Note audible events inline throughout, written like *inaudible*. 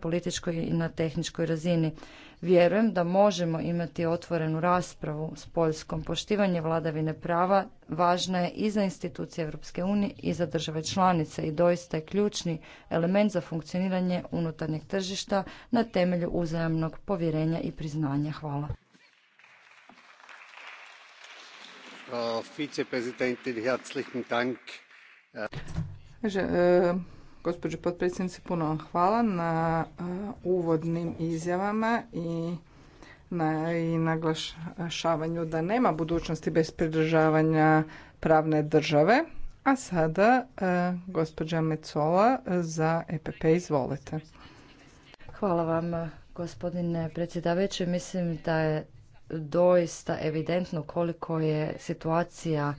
političkoj i na tehničkoj razini. Vjerujem da možemo imati otvorenu raspravu s Poljskom. Poštivanje vladavine prava važna je i za institucije Europske unije i za države članice i doista je ključni element za funkcioniranje unutarnjeg tržišta na temelju uzajamnog povjerenja i priznanja. Hvala. Gospođo potpredsjednice, puno vam hvala na e, uvodnim izjavama i na, i naglašavanju da nema budućnosti bez pridržavanja pravne države. A sada e, gospođa Mecola za EPP, izvolite. Hvala vam gospodine predsjedavajući. Mislim da je doista evidentno koliko je situacija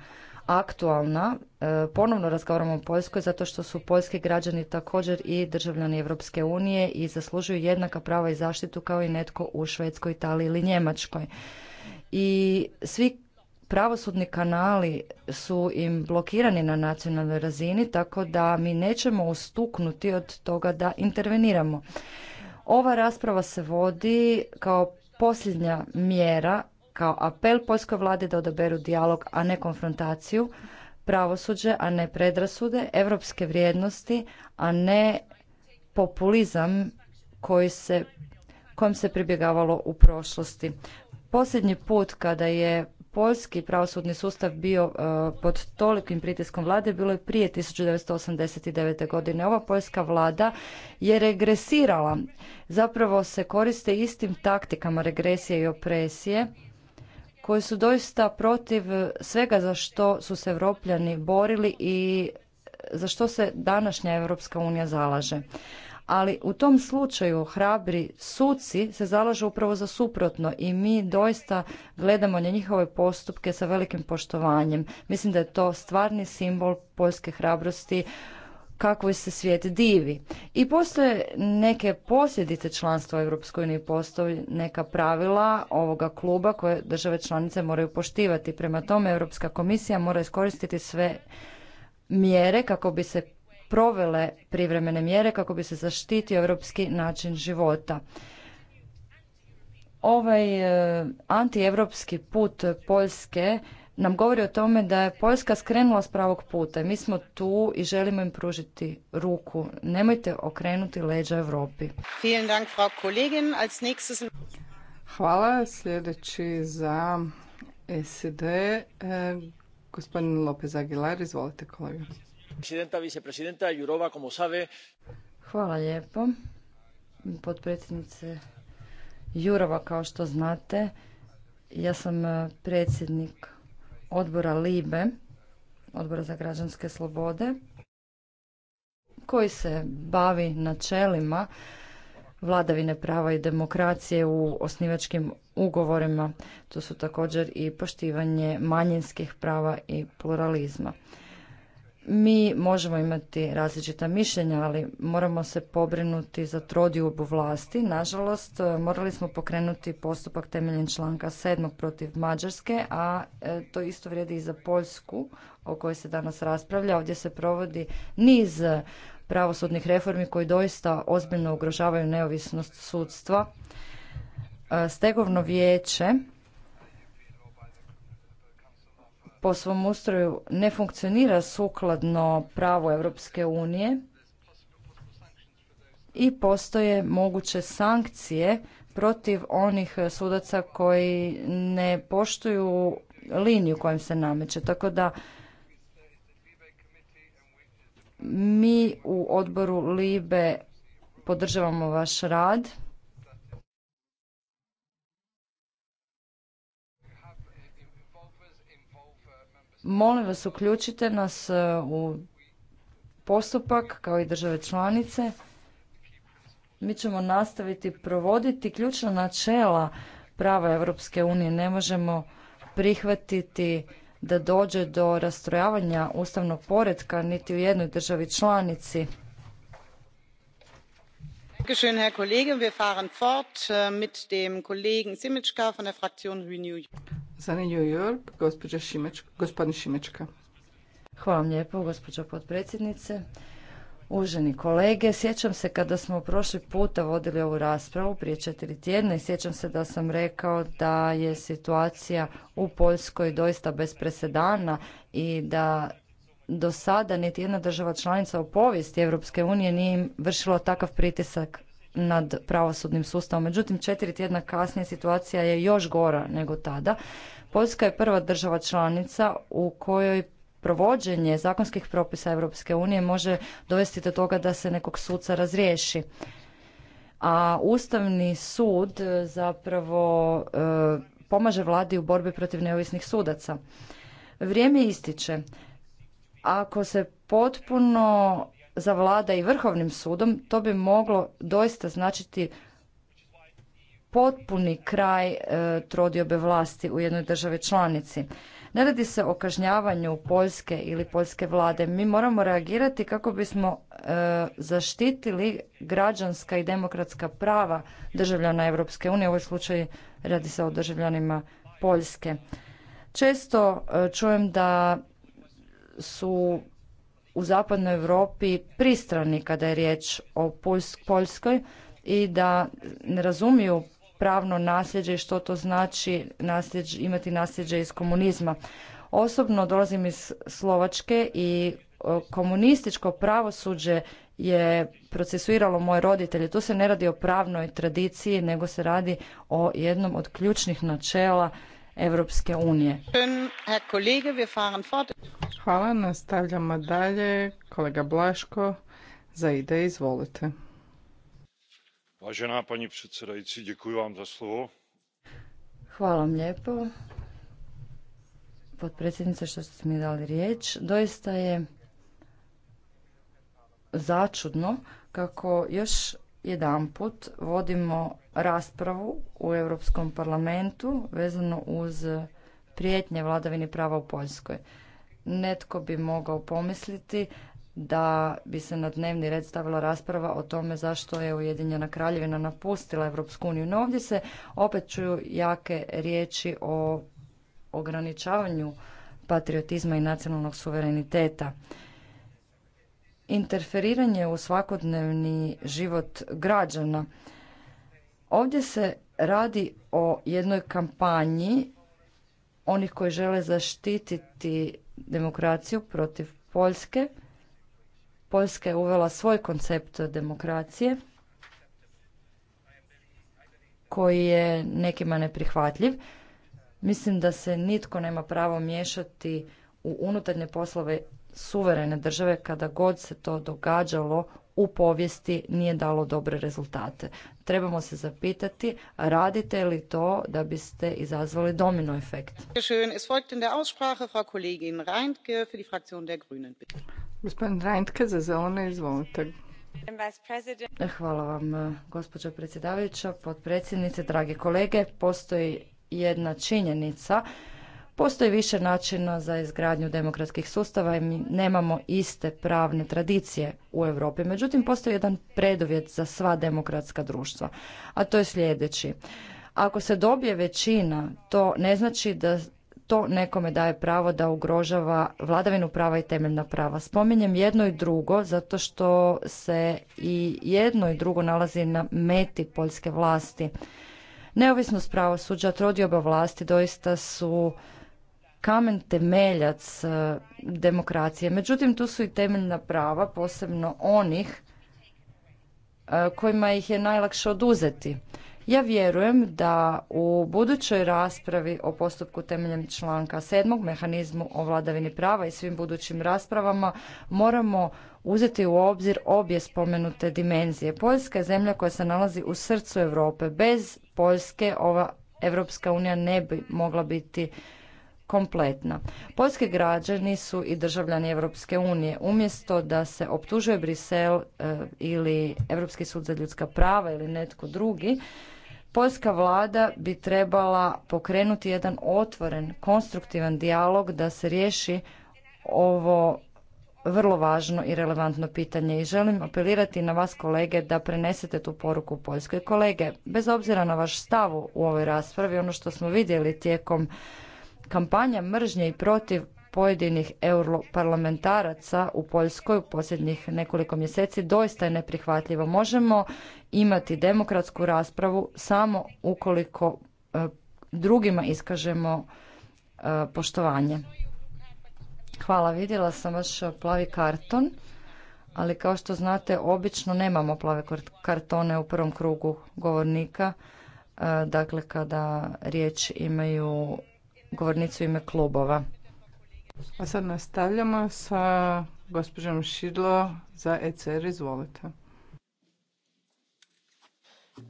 aktualna. E, ponovno razgovaramo o Poljskoj zato što su poljski građani također i državljani Europske unije i zaslužuju jednaka prava i zaštitu kao i netko u Švedskoj, Italiji ili Njemačkoj. I svi pravosudni kanali su im blokirani na nacionalnoj razini tako da mi nećemo ustuknuti od toga da interveniramo. Ova rasprava se vodi kao posljednja mjera kao apel poljskoj vladi da odaberu dijalog, a ne konfrontaciju, pravosuđe, a ne predrasude, europske vrijednosti, a ne populizam koji se, kojem se pribjegavalo u prošlosti. Posljednji put kada je poljski pravosudni sustav bio e, pod tolikim pritiskom vlade bilo je prije 1989. godine. Ova poljska vlada je regresirala. Zapravo se koriste istim taktikama regresije i opresije koji su doista protiv svega za što su se Europljani borili i za što se današnja Europska unija zalaže. Ali u tom slučaju hrabri suci se zalažu upravo za suprotno i mi doista gledamo na njihove postupke sa velikim poštovanjem. Mislim da je to stvarni simbol poljske hrabrosti kako se svijet divi. I postoje neke posljedice članstva u Europskoj uniji, postoje neka pravila ovoga kluba koje države članice moraju poštivati. Prema tome, Europska komisija mora iskoristiti sve mjere kako bi se provele privremene mjere kako bi se zaštitio europski način života. Ovaj eh, antievropski put Poljske nam govori o tome da je Poljska skrenula s pravog puta. Mi smo tu i želimo im pružiti ruku. Nemojte okrenuti leđa Europi. Hvala. Sljedeći za SED, eh, gospodin Lopez Aguilar. Izvolite kolega. Hvala lijepo. Potpredsjednice Jurova, kao što znate, ja sam eh, predsjednik odbora LIBE, odbora za građanske slobode, koji se bavi načelima vladavine prava i demokracije u osnivačkim ugovorima. to su također i poštivanje manjinskih prava i pluralizma mi možemo imati različita mišljenja, ali moramo se pobrinuti za trodiobu vlasti. Nažalost, morali smo pokrenuti postupak temeljem članka 7. protiv Mađarske, a e, to isto vrijedi i za Poljsku o kojoj se danas raspravlja. Ovdje se provodi niz pravosudnih reformi koji doista ozbiljno ugrožavaju neovisnost sudstva. E, stegovno vijeće po svom ustroju ne funkcionira sukladno pravu Europske unije i postoje moguće sankcije protiv onih sudaca koji ne poštuju liniju kojom se nameće. Tako da mi u odboru Libe podržavamo vaš rad Molim vas, uključite nas e, u postupak kao i države članice. Mi ćemo nastaviti provoditi ključna načela prava Europske unije. Ne možemo prihvatiti da dođe do rastrojavanja ustavnog poretka niti u jednoj državi članici. Äh, New gospodin Šimečka. Hvala gospođo potpredsjednice. Uvaženi kolege, sjećam se kada smo prošli puta vodili ovu raspravu prije četiri tjedna i sjećam se da sam rekao da je situacija u Poljskoj doista bez presedana i da do sada niti jedna država članica u povijesti Europske unije nije vršila takav pritisak nad pravosudnim sustavom. Međutim, četiri tjedna kasnije situacija je još gora nego tada. Poljska je prva država članica u kojoj provođenje zakonskih propisa Europske unije može dovesti do toga da se nekog suca razriješi. A Ustavni sud zapravo e, pomaže vladi u borbi protiv neovisnih sudaca. Vrijeme ističe ako se potpuno zavlada i Vrhovnim sudom, to bi moglo doista značiti potpuni kraj e, trodiobe vlasti u jednoj državi članici. Ne radi se o kažnjavanju Poljske ili Poljske vlade. Mi moramo reagirati kako bismo e, zaštitili građanska i demokratska prava državljana Europske unije. U ovom slučaju radi se o državljanima Poljske. Često e, čujem da su u zapadnoj Europi pristrani kada je riječ o Poljskoj i da ne razumiju pravno nasljeđe i što to znači nasljeđe, imati nasljeđe iz komunizma. Osobno dolazim iz Slovačke i e, komunističko pravosuđe je procesuiralo moje roditelje. Tu se ne radi o pravnoj tradiciji, nego se radi o jednom od ključnih načela Europske unije. Hvala, nastavljamo dalje. Kolega Blaško, za ide, izvolite. Važena pani predsjedajci, děkuji vam za slovo. Hvala vam lijepo, potpredsjednice, što ste mi dali riječ. Doista je začudno kako još jedanput vodimo raspravu u Europskom parlamentu vezano uz prijetnje vladavini prava u Poljskoj. Netko bi mogao pomisliti da bi se na dnevni red stavila rasprava o tome zašto je Ujedinjena kraljevina napustila Europsku uniju. No ovdje se opet čuju jake riječi o ograničavanju patriotizma i nacionalnog suvereniteta interferiranje u svakodnevni život građana. Ovdje se radi o jednoj kampanji onih koji žele zaštititi demokraciju protiv Poljske. Poljska je uvela svoj koncept demokracije koji je nekima neprihvatljiv. Mislim da se nitko nema pravo miješati u unutarnje poslove suverene države kada god se to događalo u povijesti nije dalo dobre rezultate. Trebamo se zapitati radite li to da biste izazvali domino efekt. Gospodin Reintke za izvolite. Hvala vam, gospođo predsjedavajuća, potpredsjednice, dragi kolege. Postoji jedna činjenica Postoji više načina za izgradnju demokratskih sustava i mi nemamo iste pravne tradicije u Europi. Međutim, postoji jedan preduvjet za sva demokratska društva, a to je sljedeći. Ako se dobije većina, to ne znači da to nekome daje pravo da ugrožava vladavinu prava i temeljna prava. Spominjem jedno i drugo zato što se i jedno i drugo nalazi na meti poljske vlasti. Neovisnost pravosuđa, trodioba vlasti doista su kamen temeljac e, demokracije. Međutim, tu su i temeljna prava, posebno onih e, kojima ih je najlakše oduzeti. Ja vjerujem da u budućoj raspravi o postupku temeljem članka 7. mehanizmu o vladavini prava i svim budućim raspravama moramo uzeti u obzir obje spomenute dimenzije. Poljska je zemlja koja se nalazi u srcu Europe. Bez Poljske ova Europska unija ne bi mogla biti kompletna. Poljski građani su i državljani Europske unije. Umjesto da se optužuje Brisel e, ili Europski sud za ljudska prava ili netko drugi, Poljska vlada bi trebala pokrenuti jedan otvoren, konstruktivan dijalog da se riješi ovo vrlo važno i relevantno pitanje i želim apelirati na vas kolege da prenesete tu poruku Poljskoj kolege. Bez obzira na vaš stav u ovoj raspravi, ono što smo vidjeli tijekom Kampanja mržnje i protiv pojedinih europarlamentaraca u Poljskoj u posljednjih nekoliko mjeseci doista je neprihvatljivo. Možemo imati demokratsku raspravu samo ukoliko e, drugima iskažemo e, poštovanje. Hvala, vidjela sam vaš plavi karton, ali kao što znate obično nemamo plave kartone u prvom krugu govornika, e, dakle kada riječ imaju govornicu ime klubova. A sad nastavljamo sa gospođom Šidlo za ECR. Izvolite.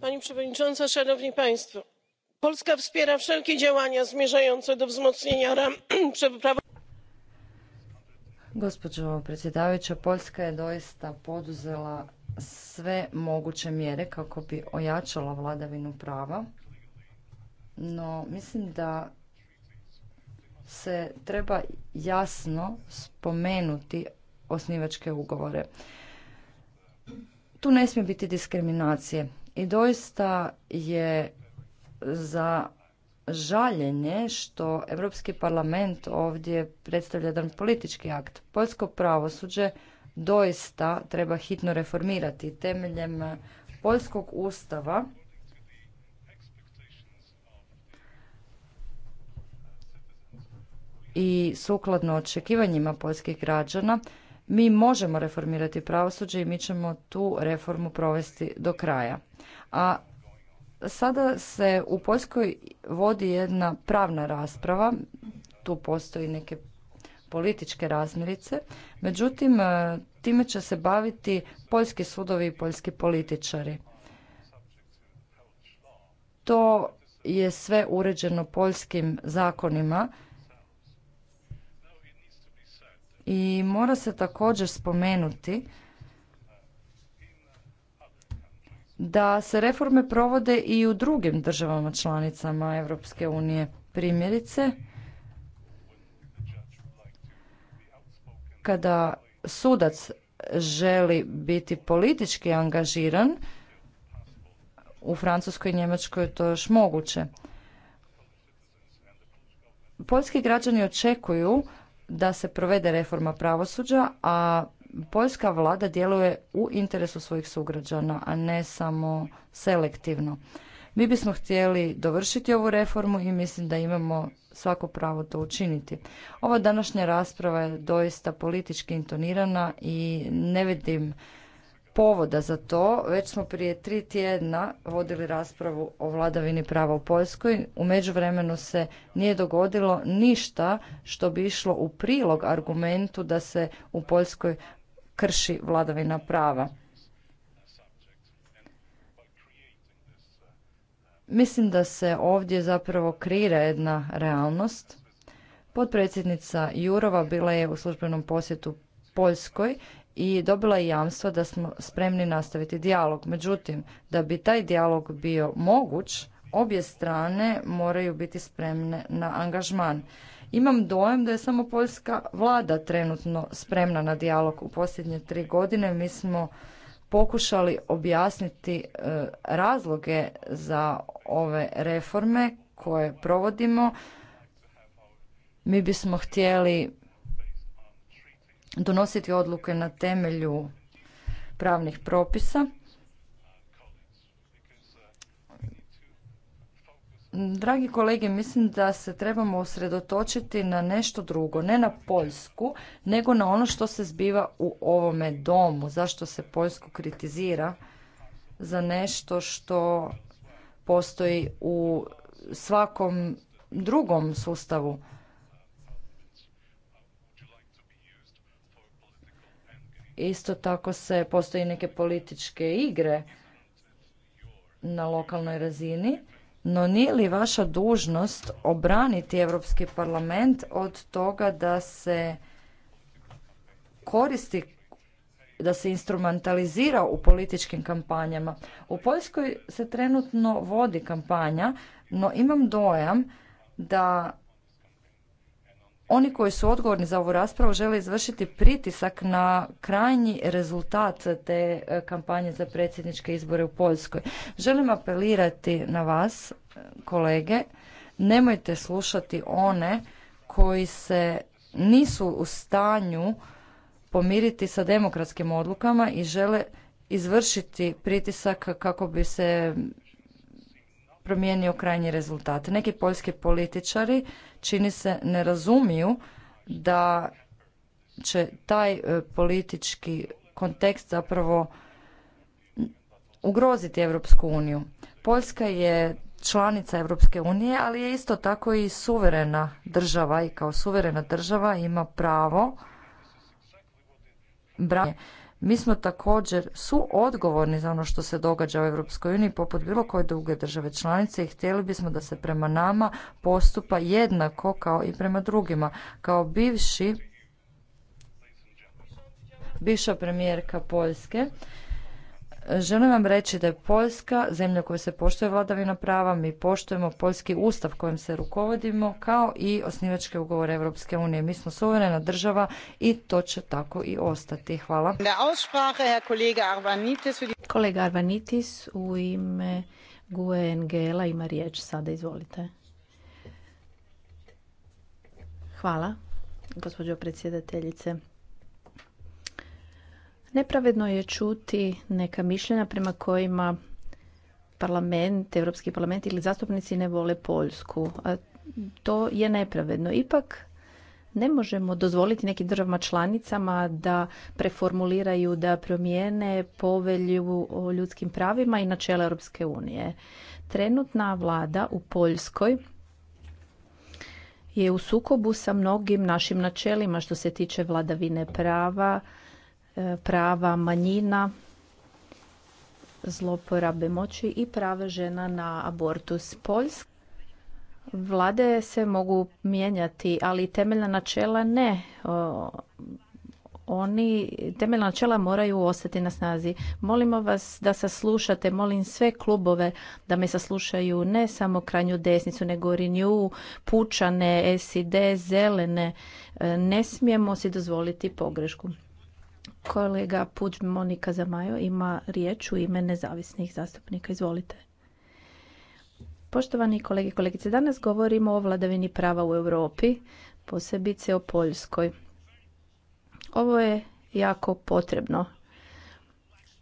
Pani przewodnicząca, szanowni państwo. Polska wspiera wszelkie działania zmierzające do wzmocnienia ram *clears throat* prawa. Gospođo predsjedavajuća, Poljska je doista poduzela sve moguće mjere kako bi ojačala vladavinu prava, no mislim da se treba jasno spomenuti osnivačke ugovore. Tu ne smije biti diskriminacije i doista je za žaljenje što Europski parlament ovdje predstavlja jedan politički akt. Poljsko pravosuđe doista treba hitno reformirati temeljem Poljskog ustava i sukladno očekivanjima poljskih građana mi možemo reformirati pravosuđe i mi ćemo tu reformu provesti do kraja. A sada se u Poljskoj vodi jedna pravna rasprava, tu postoji neke političke razmirice, međutim e, time će se baviti poljski sudovi i poljski političari. To je sve uređeno poljskim zakonima i mora se također spomenuti da se reforme provode i u drugim državama članicama Europske unije. Primjerice, kada sudac želi biti politički angažiran, u Francuskoj i Njemačkoj je to još moguće. Poljski građani očekuju da se provede reforma pravosuđa, a poljska vlada djeluje u interesu svojih sugrađana, a ne samo selektivno. Mi bismo htjeli dovršiti ovu reformu i mislim da imamo svako pravo to učiniti. Ova današnja rasprava je doista politički intonirana i ne vidim povoda za to. Već smo prije tri tjedna vodili raspravu o vladavini prava u Poljskoj. U međuvremenu se nije dogodilo ništa što bi išlo u prilog argumentu da se u Poljskoj krši vladavina prava. Mislim da se ovdje zapravo kreira jedna realnost. Potpredsjednica Jurova bila je u službenom posjetu Poljskoj i dobila je jamstvo da smo spremni nastaviti dijalog. Međutim, da bi taj dijalog bio moguć, obje strane moraju biti spremne na angažman. Imam dojam da je samo poljska vlada trenutno spremna na dijalog. U posljednje tri godine mi smo pokušali objasniti e, razloge za ove reforme koje provodimo. Mi bismo htjeli donositi odluke na temelju pravnih propisa. Dragi kolege, mislim da se trebamo usredotočiti na nešto drugo, ne na Poljsku, nego na ono što se zbiva u ovome domu, zašto se Poljsku kritizira za nešto što postoji u svakom drugom sustavu. Isto tako se postoji neke političke igre na lokalnoj razini, no nije li vaša dužnost obraniti Europski parlament od toga da se koristi da se instrumentalizira u političkim kampanjama. U Poljskoj se trenutno vodi kampanja, no imam dojam da oni koji su odgovorni za ovu raspravu žele izvršiti pritisak na krajnji rezultat te e, kampanje za predsjedničke izbore u Poljskoj. Želim apelirati na vas, e, kolege, nemojte slušati one koji se nisu u stanju pomiriti sa demokratskim odlukama i žele izvršiti pritisak kako bi se promijenio krajnji rezultat. Neki poljski političari čini se ne razumiju da će taj e, politički kontekst zapravo ugroziti Europsku uniju. Poljska je članica Europske unije, ali je isto tako i suverena država i kao suverena država ima pravo braniti mi smo također odgovorni za ono što se događa u Europskoj uniji poput bilo koje druge države članice i htjeli bismo da se prema nama postupa jednako kao i prema drugima. Kao bivši bivša premijerka Poljske Želim vam reći da je Poljska zemlja kojoj se poštuje vladavina prava, mi poštujemo poljski ustav kojim se rukovodimo, kao i osnivačke ugovore Europske unije. Mi smo suverena država i to će tako i ostati. Hvala. Kolega Arvanitis u ime Gue Engela ima riječ sada, izvolite. Hvala, gospođo predsjedateljice. Nepravedno je čuti neka mišljenja prema kojima parlament, Europski parlament ili zastupnici ne vole Poljsku. to je nepravedno. Ipak ne možemo dozvoliti nekim državama članicama da preformuliraju, da promijene povelju o ljudskim pravima i načela Europske unije. Trenutna vlada u Poljskoj je u sukobu sa mnogim našim načelima što se tiče vladavine prava, E, prava manjina, zloporabe moći i prava žena na abortus. Poljska vlade se mogu mijenjati, ali temeljna načela ne. Oni temeljna načela moraju ostati na snazi. Molimo vas da saslušate, molim sve klubove da me saslušaju, ne samo krajnju desnicu, nego Renew, Pučane, SID, Zelene. E, ne smijemo si dozvoliti pogrešku. Kolega Puđ Monika Zamajo ima riječ u ime nezavisnih zastupnika. Izvolite. Poštovani kolege i kolegice, danas govorimo o vladavini prava u Europi, posebice o Poljskoj. Ovo je jako potrebno.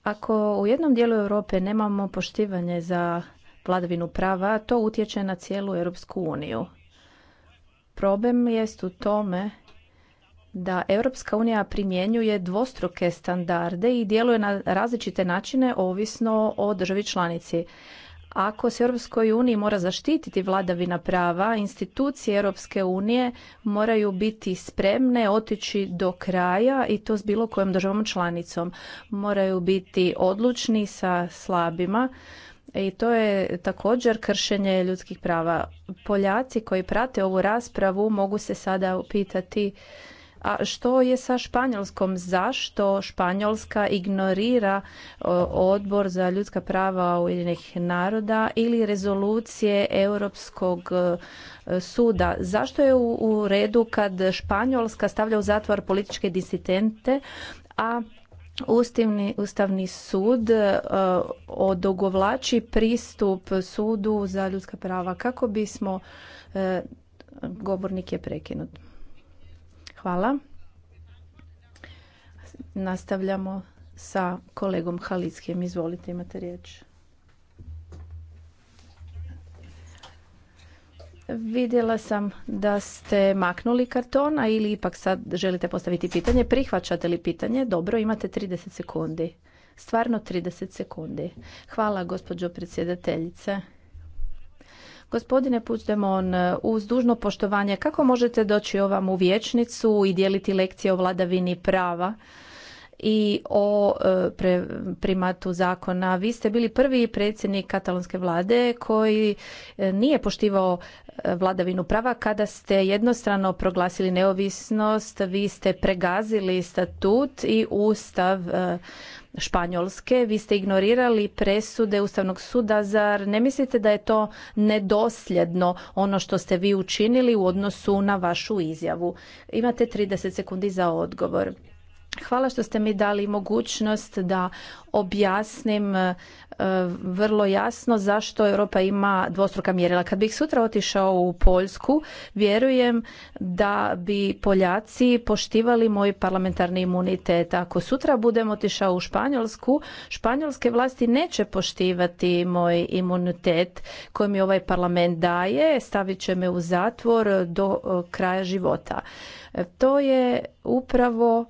Ako u jednom dijelu Europe nemamo poštivanje za vladavinu prava, to utječe na cijelu Europsku uniju. Problem jest u tome da Europska unija primjenjuje dvostruke standarde i djeluje na različite načine ovisno o državi članici. Ako se Europskoj uniji mora zaštititi vladavina prava, institucije Europske unije moraju biti spremne otići do kraja i to s bilo kojom državom članicom. Moraju biti odlučni sa slabima i to je također kršenje ljudskih prava. Poljaci koji prate ovu raspravu mogu se sada upitati a što je sa Španjolskom? Zašto Španjolska ignorira odbor za ljudska prava Ujedinjenih naroda ili rezolucije Europskog e, suda? Zašto je u redu kad Španjolska stavlja u zatvor političke disidente, a Ustavni, Ustavni sud uh, e, odogovlači pristup sudu za ljudska prava kako bismo e, govornik je prekinut. Hvala. Nastavljamo sa kolegom Halickim, Izvolite, imate riječ. Vidjela sam da ste maknuli karton, a ili ipak sad želite postaviti pitanje. Prihvaćate li pitanje? Dobro, imate 30 sekundi. Stvarno 30 sekundi. Hvala gospođo predsjedateljice. Gospodine Puigdemont, uz dužno poštovanje, kako možete doći ovam u vječnicu i dijeliti lekcije o vladavini prava? i o e, primatu zakona. Vi ste bili prvi predsjednik katalonske vlade koji e, nije poštivao vladavinu prava. Kada ste jednostrano proglasili neovisnost, vi ste pregazili statut i ustav e, Španjolske. Vi ste ignorirali presude Ustavnog suda. Zar ne mislite da je to nedosljedno ono što ste vi učinili u odnosu na vašu izjavu? Imate 30 sekundi za odgovor. Hvala što ste mi dali mogućnost da objasnim e, vrlo jasno zašto Europa ima dvostruka mjerila. Kad bih sutra otišao u Poljsku, vjerujem da bi Poljaci poštivali moj parlamentarni imunitet. Ako sutra budem otišao u Španjolsku, španjolske vlasti neće poštivati moj imunitet koji mi ovaj parlament daje, stavit će me u zatvor do e, kraja života. E, to je upravo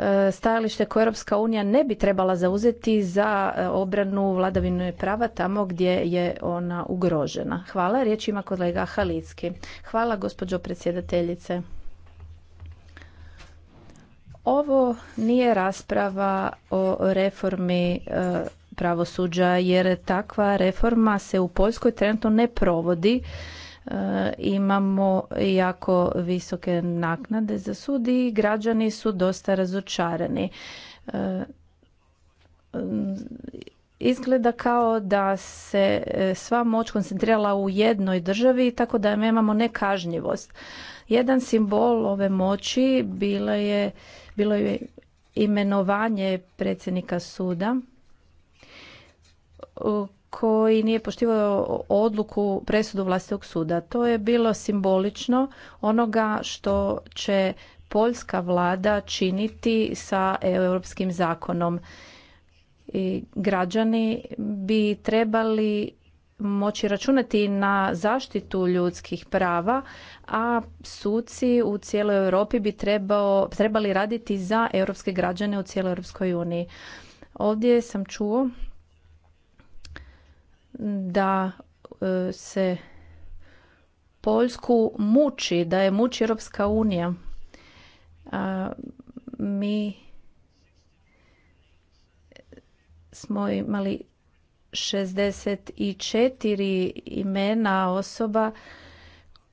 E, stajalište koje Europska unija ne bi trebala zauzeti za e, obranu vladavine prava tamo gdje je ona ugrožena. Hvala. Riječ kolega Halicki. Hvala gospođo predsjedateljice. Ovo nije rasprava o reformi e, pravosuđa jer takva reforma se u Poljskoj trenutno ne provodi E, imamo jako visoke naknade za sud i građani su dosta razočarani. E, izgleda kao da se e, sva moć koncentrirala u jednoj državi tako da imamo nekažnjivost. Jedan simbol ove moći bilo je, bilo je imenovanje predsjednika suda koji nije poštivao odluku presudu vlastitog suda. To je bilo simbolično onoga što će poljska vlada činiti sa europskim zakonom. I građani bi trebali moći računati na zaštitu ljudskih prava, a suci u cijeloj Europi bi trebali raditi za europske građane u cijeloj Europskoj uniji. Ovdje sam čuo da e, se Poljsku muči, da je muči Europska unija. mi smo imali 64 imena osoba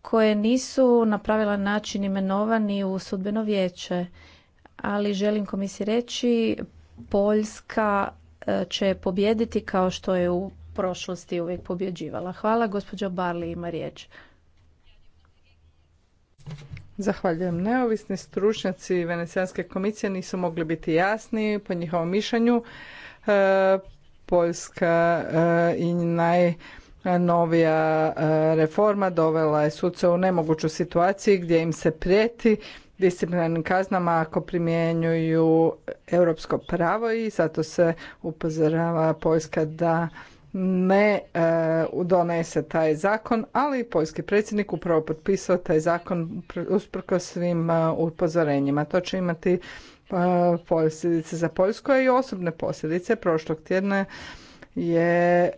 koje nisu na pravilan način imenovani u sudbeno vijeće. Ali želim komisiji reći, Poljska e, će pobjediti kao što je u prošlosti je uvijek pobjeđivala. Hvala, gospođa Barli ima riječ. Zahvaljujem. Neovisni stručnjaci Venecijanske komisije nisu mogli biti jasni po njihovom mišljenju. E, Poljska e, i najnovija e, reforma dovela je suce u nemoguću situaciju gdje im se prijeti disciplinarnim kaznama ako primjenjuju europsko pravo i zato se upozorava Poljska da ne e, donese taj zakon, ali poljski predsjednik upravo potpisao taj zakon usprko svim e, upozorenjima. To će imati e, posljedice za Poljsku i osobne posljedice. Prošlog tjedna je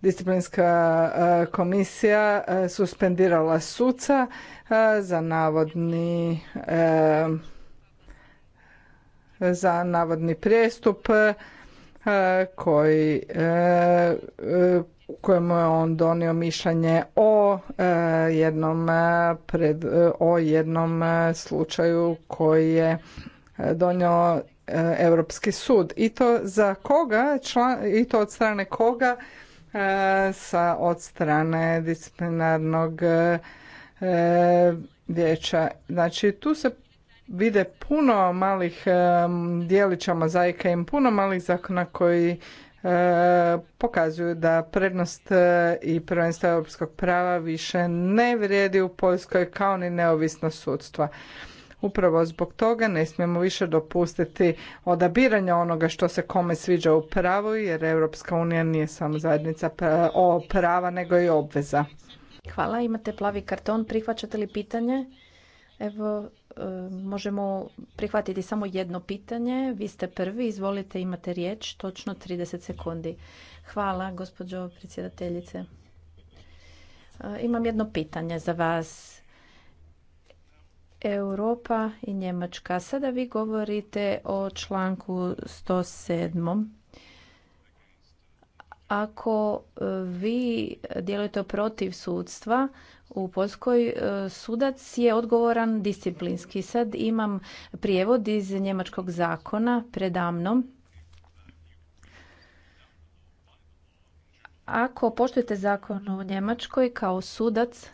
disciplinska komisija suspendirala suca za navodni za navodni prijestup E, koji e, e, kojemu je on donio mišljenje o jednom pred, o jednom slučaju koji je donio Europski sud i to za koga i to od strane koga sa od strane disciplinarnog vijeća. Znači tu se vide puno malih dijelića mozaika i puno malih zakona koji e, pokazuju da prednost e, i prvenstvo europskog prava više ne vrijedi u Poljskoj kao ni neovisno sudstva. Upravo zbog toga ne smijemo više dopustiti odabiranje onoga što se kome sviđa u pravu jer Europska unija nije samo zajednica o prava nego i obveza. Hvala, imate plavi karton, prihvaćate li pitanje? Evo, E, možemo prihvatiti samo jedno pitanje. Vi ste prvi, izvolite, imate riječ, točno 30 sekundi. Hvala, gospođo predsjedateljice. E, imam jedno pitanje za vas. Europa i Njemačka. Sada vi govorite o članku 107. Ako e, vi djelujete protiv sudstva, u Poljskoj e, sudac je odgovoran disciplinski. Sad imam prijevod iz njemačkog zakona predamnom. Ako poštujete zakon u Njemačkoj kao sudac,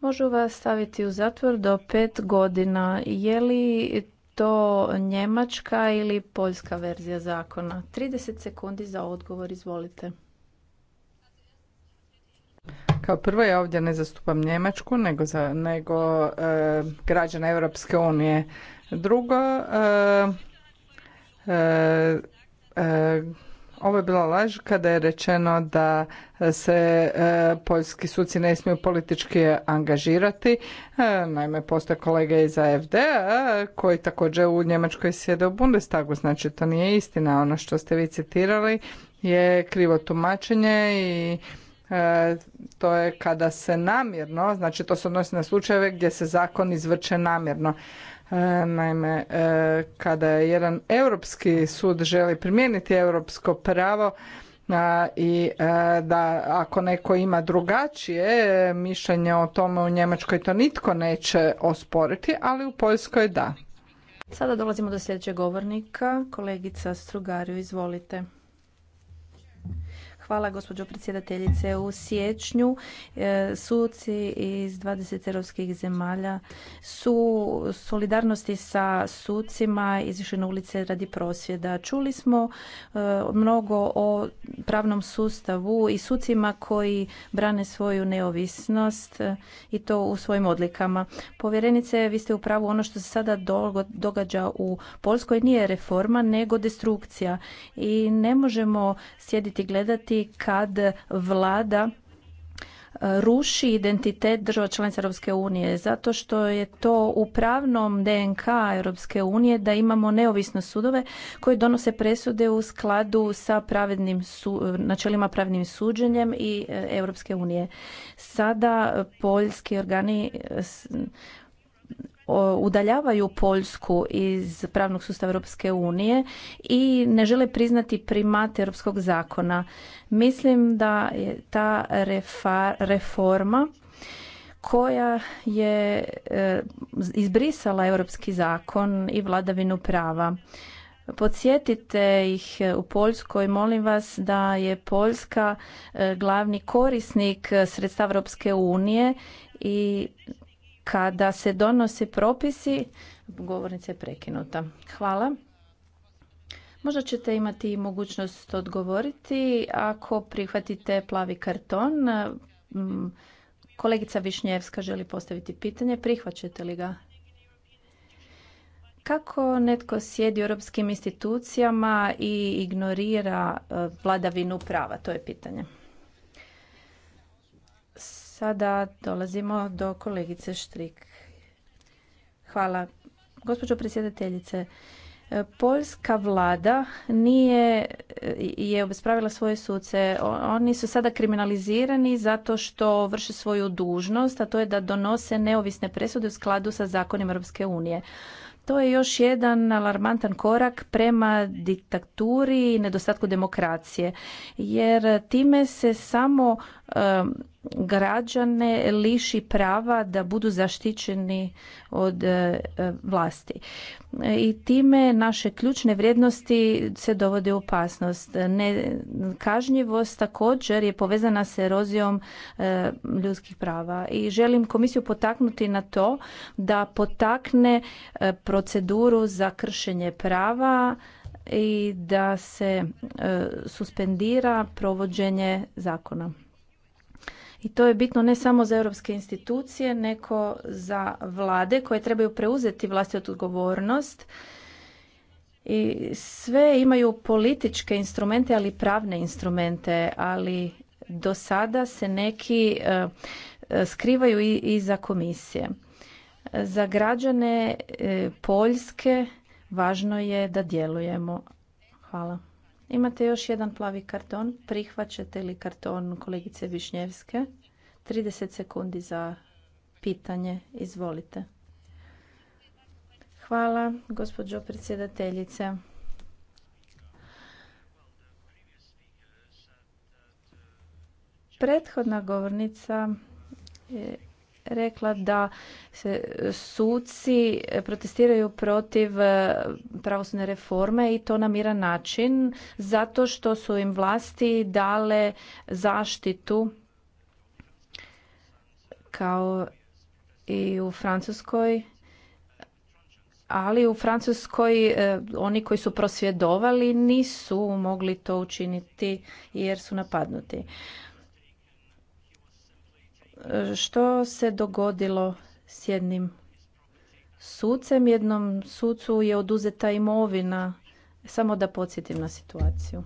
možu vas staviti u zatvor do pet godina. Je li to njemačka ili poljska verzija zakona? 30 sekundi za odgovor, izvolite. Kao prvo ja ovdje ne zastupam Njemačku nego, za, nego e, građana Europske unije. Drugo, e, e, e, ovo je bila laž kada je rečeno da se e, poljski suci ne smiju politički angažirati. naime, postoje kolege iz AFD-a koji također u Njemačkoj sjede u Bundestagu, znači to nije istina. Ono što ste vi citirali je krivo tumačenje i E, to je kada se namjerno, znači to se odnosi na slučajeve gdje se zakon izvrče namjerno. E, naime, e, kada je jedan europski sud želi primijeniti europsko pravo i da ako neko ima drugačije mišljenje o tome u Njemačkoj to nitko neće osporiti, ali u Poljskoj da. Sada dolazimo do sljedećeg govornika. Kolegica Strugariju, izvolite. Hvala gospođo predsjedateljice. U siječnju e, suci iz 20 europskih zemalja su solidarnosti sa sucima izišli na ulice radi prosvjeda. Čuli smo e, mnogo o pravnom sustavu i sucima koji brane svoju neovisnost e, i to u svojim odlikama. Povjerenice, vi ste u pravu ono što se sada događa u Poljskoj nije reforma nego destrukcija i ne možemo sjediti gledati kad vlada e, ruši identitet država članica Europske unije zato što je to u pravnom DNK Europske unije da imamo neovisne sudove koji donose presude u skladu sa pravednim načelima pravnim suđenjem i e, Europske unije. Sada poljski organi udaljavaju Poljsku iz pravnog sustava Europske unije i ne žele priznati primat europskog zakona. Mislim da je ta reforma koja je e, izbrisala europski zakon i vladavinu prava. Podsjetite ih e, u Poljskoj, molim vas, da je Poljska e, glavni korisnik sredstava Europske unije i kada se donose propisi, govornica je prekinuta. Hvala. Možda ćete imati mogućnost odgovoriti ako prihvatite plavi karton. Mm, kolegica Višnjevska želi postaviti pitanje. Prihvaćate li ga? Kako netko sjedi u europskim institucijama i ignorira eh, vladavinu prava? To je pitanje. Sada dolazimo do kolegice Štrik. Hvala. Gospođo predsjedateljice, e, Poljska vlada nije e, je obespravila svoje suce. Oni su sada kriminalizirani zato što vrše svoju dužnost, a to je da donose neovisne presude u skladu sa zakonima Europske unije. To je još jedan alarmantan korak prema diktaturi i nedostatku demokracije, jer time se samo građane liši prava da budu zaštićeni od e, e, vlasti. I time naše ključne vrijednosti se dovode u opasnost. Kažnjivost također je povezana s erozijom e, ljudskih prava i želim komisiju potaknuti na to da potakne proceduru za kršenje prava i da se suspendira provođenje zakona. I to je bitno ne samo za europske institucije, nego za vlade koje trebaju preuzeti vlastitu odgovornost i sve imaju političke instrumente, ali i pravne instrumente, ali do sada se neki e, e, skrivaju i iza komisije. Za građane e, Poljske važno je da djelujemo. Hvala. Imate još jedan plavi karton. Prihvaćate li karton kolegice Višnjevske? 30 sekundi za pitanje. Izvolite. Hvala, gospođo predsjedateljice. Prethodna govornica rekla da se suci protestiraju protiv e, pravosudne reforme i to na miran način zato što su im vlasti dale zaštitu kao i u Francuskoj ali u Francuskoj e, oni koji su prosvjedovali nisu mogli to učiniti jer su napadnuti što se dogodilo s jednim sucem. Jednom sucu je oduzeta imovina. Samo da podsjetim na situaciju.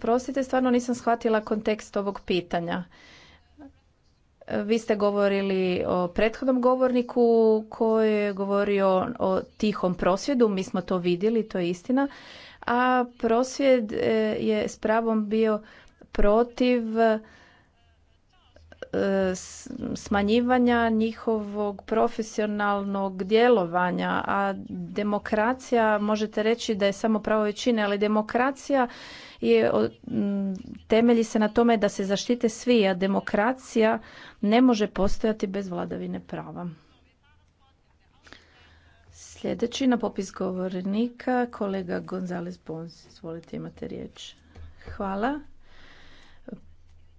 Prostite, stvarno nisam shvatila kontekst ovog pitanja. Vi ste govorili o prethodnom govorniku koji je govorio o tihom prosvjedu. Mi smo to vidjeli, to je istina. A prosvjed eh, je s pravom bio protiv e, smanjivanja njihovog profesionalnog djelovanja, a demokracija možete reći da je samo pravo većine, ali demokracija je, temelji se na tome da se zaštite svi, a demokracija ne može postojati bez vladavine prava. Sljedeći na popis govornika kolega Gonzales Bons. Izvolite, imate riječ. Hvala.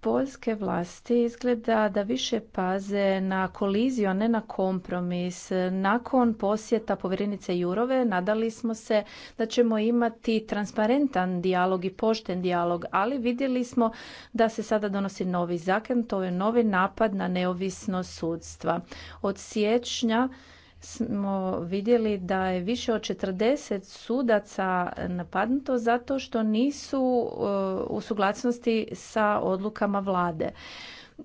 Poljske vlasti izgleda da više paze na koliziju, a ne na kompromis. Nakon posjeta povjerenice Jurove nadali smo se da ćemo imati transparentan dijalog i pošten dijalog, ali vidjeli smo da se sada donosi novi zakon, to je novi napad na neovisnost sudstva. Od siječnja smo vidjeli da je više od 40 sudaca napadnuto zato što nisu e, u suglasnosti sa odlukama vlade.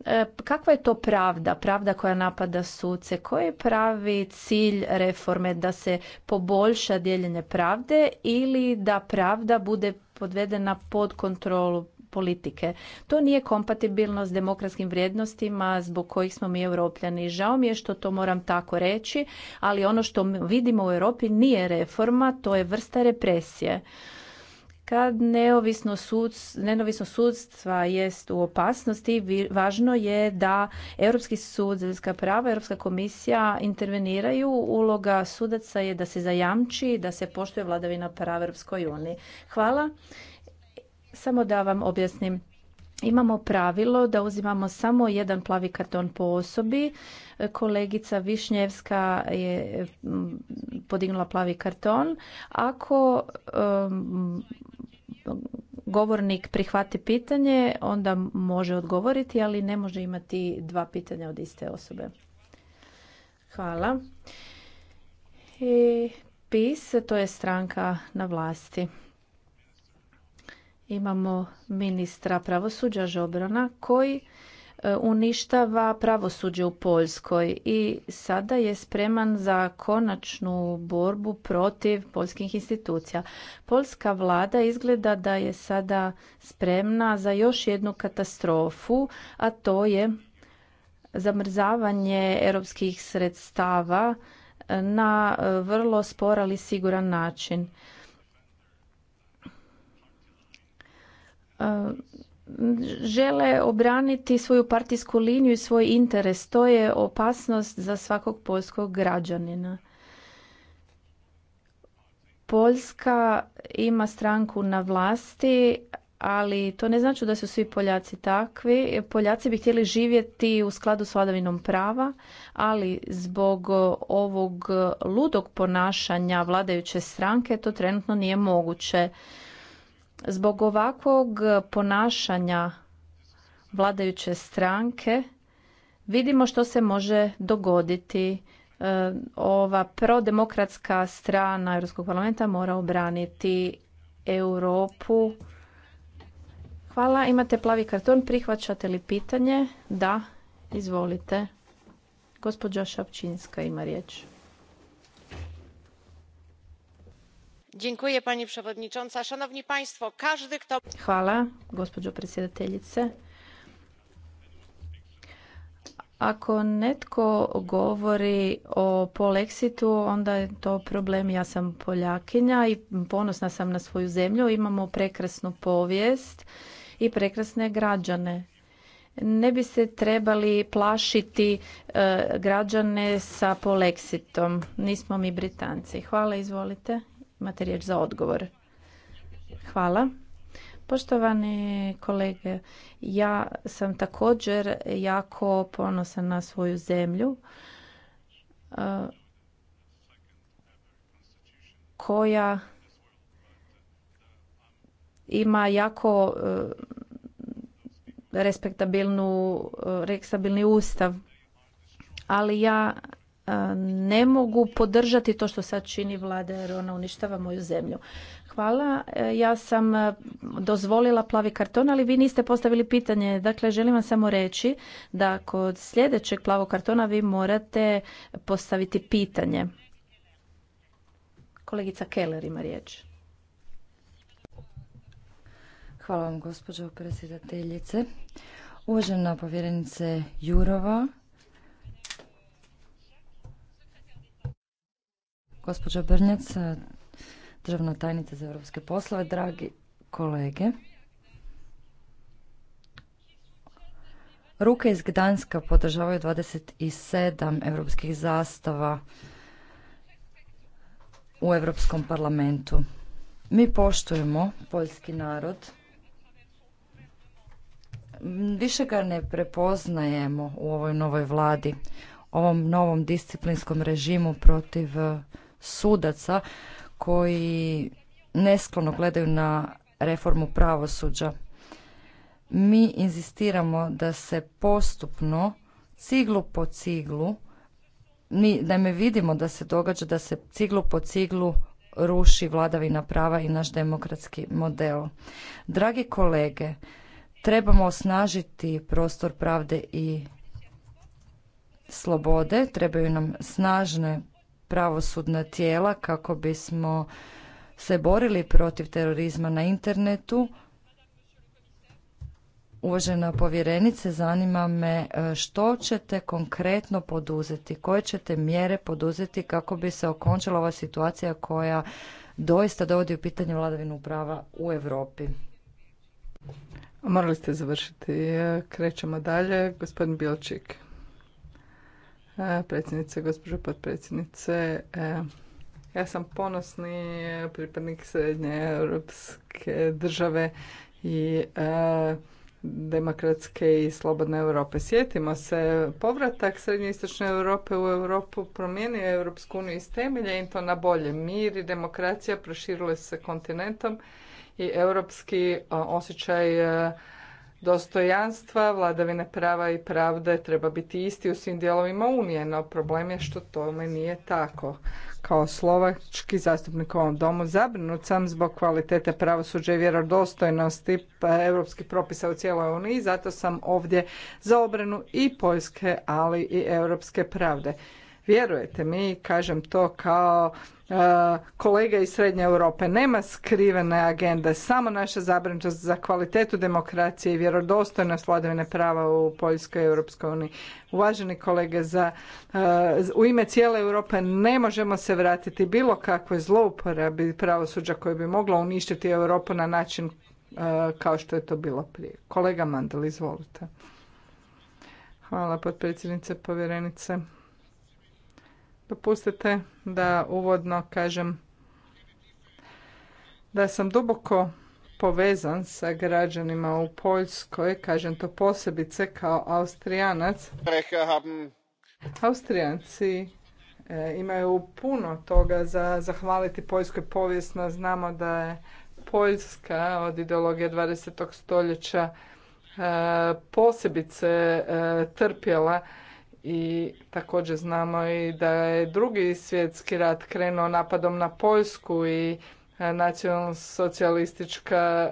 E, kakva je to pravda, pravda koja napada suce? Koji je pravi cilj reforme da se poboljša dijeljenje pravde ili da pravda bude podvedena pod kontrolu politike. To nije kompatibilno s demokratskim vrijednostima zbog kojih smo mi europljani. Žao mi je što to moram tako reći, ali ono što vidimo u Europi nije reforma, to je vrsta represije kad neovisno, sud, neovisno sudstva jest u opasnosti, važno je da Europski sud za ljudska prava, Europska komisija interveniraju. Uloga sudaca je da se zajamči, da se poštuje vladavina prava Europskoj uniji. Hvala. Samo da vam objasnim. Imamo pravilo da uzimamo samo jedan plavi karton po osobi. Kolegica Višnjevska je mm, podignula plavi karton. Ako govornik prihvati pitanje, onda može odgovoriti, ali ne može imati dva pitanja od iste osobe. Hvala. I PIS, to je stranka na vlasti imamo ministra pravosuđa Žobrana koji e, uništava pravosuđe u Poljskoj i sada je spreman za konačnu borbu protiv poljskih institucija. Poljska vlada izgleda da je sada spremna za još jednu katastrofu, a to je zamrzavanje europskih sredstava na e, vrlo sporali i siguran način. žele obraniti svoju partijsku liniju i svoj interes. To je opasnost za svakog poljskog građanina. Poljska ima stranku na vlasti, ali to ne znači da su svi Poljaci takvi. Poljaci bi htjeli živjeti u skladu s vladavinom prava, ali zbog ovog ludog ponašanja vladajuće stranke to trenutno nije moguće. Zbog ovakvog ponašanja vladajuće stranke vidimo što se može dogoditi. E, ova prodemokratska strana Europskog parlamenta mora obraniti Europu. Hvala, imate plavi karton, prihvaćate li pitanje? Da, izvolite. Gospođa Šapčinska ima riječ. Hvala, gospođo predsjedateljice. Ako netko govori o polexitu, onda je to problem. Ja sam Poljakinja i ponosna sam na svoju zemlju. Imamo prekrasnu povijest i prekrasne građane. Ne bi se trebali plašiti e, građane sa polexitom. Nismo mi Britanci. Hvala, izvolite. Imate riječ za odgovor. Hvala. Poštovani kolege, ja sam također jako ponosan na svoju zemlju eh, koja ima jako eh, respektabilnu, eh, reksabilni ustav, ali ja ne mogu podržati to što sad čini vlada jer ona uništava moju zemlju. Hvala. E, ja sam e, dozvolila plavi karton, ali vi niste postavili pitanje. Dakle, želim vam samo reći da kod sljedećeg plavog kartona vi morate postaviti pitanje. Kolegica Keller ima riječ. Hvala vam, gospođo predsjedateljice. Uvažena povjerenice Jurova, Gospođo Brnjac, državna tajnica za europske poslove, dragi kolege. Ruke iz Gdanska podržavaju 27 europskih zastava u Europskom parlamentu. Mi poštujemo poljski narod. Više ga ne prepoznajemo u ovoj novoj vladi, ovom novom disciplinskom režimu protiv sudaca koji nesklono gledaju na reformu pravosuđa. Mi inzistiramo da se postupno, ciglu po ciglu, mi, naime vidimo da se događa da se ciglu po ciglu ruši vladavina prava i naš demokratski model. Dragi kolege, trebamo osnažiti prostor pravde i slobode, trebaju nam snažne pravosudna tijela kako bismo se borili protiv terorizma na internetu. Uvažena povjerenice, zanima me e, što ćete konkretno poduzeti, koje ćete mjere poduzeti kako bi se okončila ova situacija koja doista dovodi u pitanje vladavinu prava u Europi. Morali ste završiti. E, krećemo dalje. Gospodin Bilčik. E, predsjednice, gospođo potpredsjednice. E, ja sam ponosni pripadnik srednje europske države i e, demokratske i slobodne Europe. Sjetimo se, povratak Srednje Istočne Europe u Europu promijenio je Europsku uniju iz temelja i to na bolje. Mir i demokracija proširile se kontinentom i europski osjećaj dostojanstva, vladavine prava i pravde treba biti isti u svim dijelovima Unije, no problem je što tome nije tako. Kao slovački zastupnik u ovom domu zabrinut sam zbog kvalitete pravosuđa i vjerodostojnosti pa europskih propisa u cijeloj Uniji, zato sam ovdje za obranu i Poljske, ali i europske pravde. Vjerujete mi, kažem to kao e, kolega iz Srednje Europe, nema skrivene agende, samo naša zabrinutost za kvalitetu demokracije i vjerodostojnost vladavine prava u Poljskoj i Europskoj uniji. Uvaženi kolege, za, e, u ime cijele Europe ne možemo se vratiti bilo kakvoj zlouporabi pravosuđa koje bi moglo uništiti Europu na način e, kao što je to bilo prije. Kolega Mandel, izvolite. Hvala potpredsjednice, povjerenice. Dopustite da uvodno kažem da sam duboko povezan sa građanima u Poljskoj, kažem to posebice kao Austrijanac. Austrijanci e, imaju puno toga za zahvaliti Poljskoj povijesno. Znamo da je Poljska od ideologije 20. stoljeća e, posebice e, trpjela i također znamo i da je drugi svjetski rat krenuo napadom na Poljsku i e, nacionalno-socijalistička e,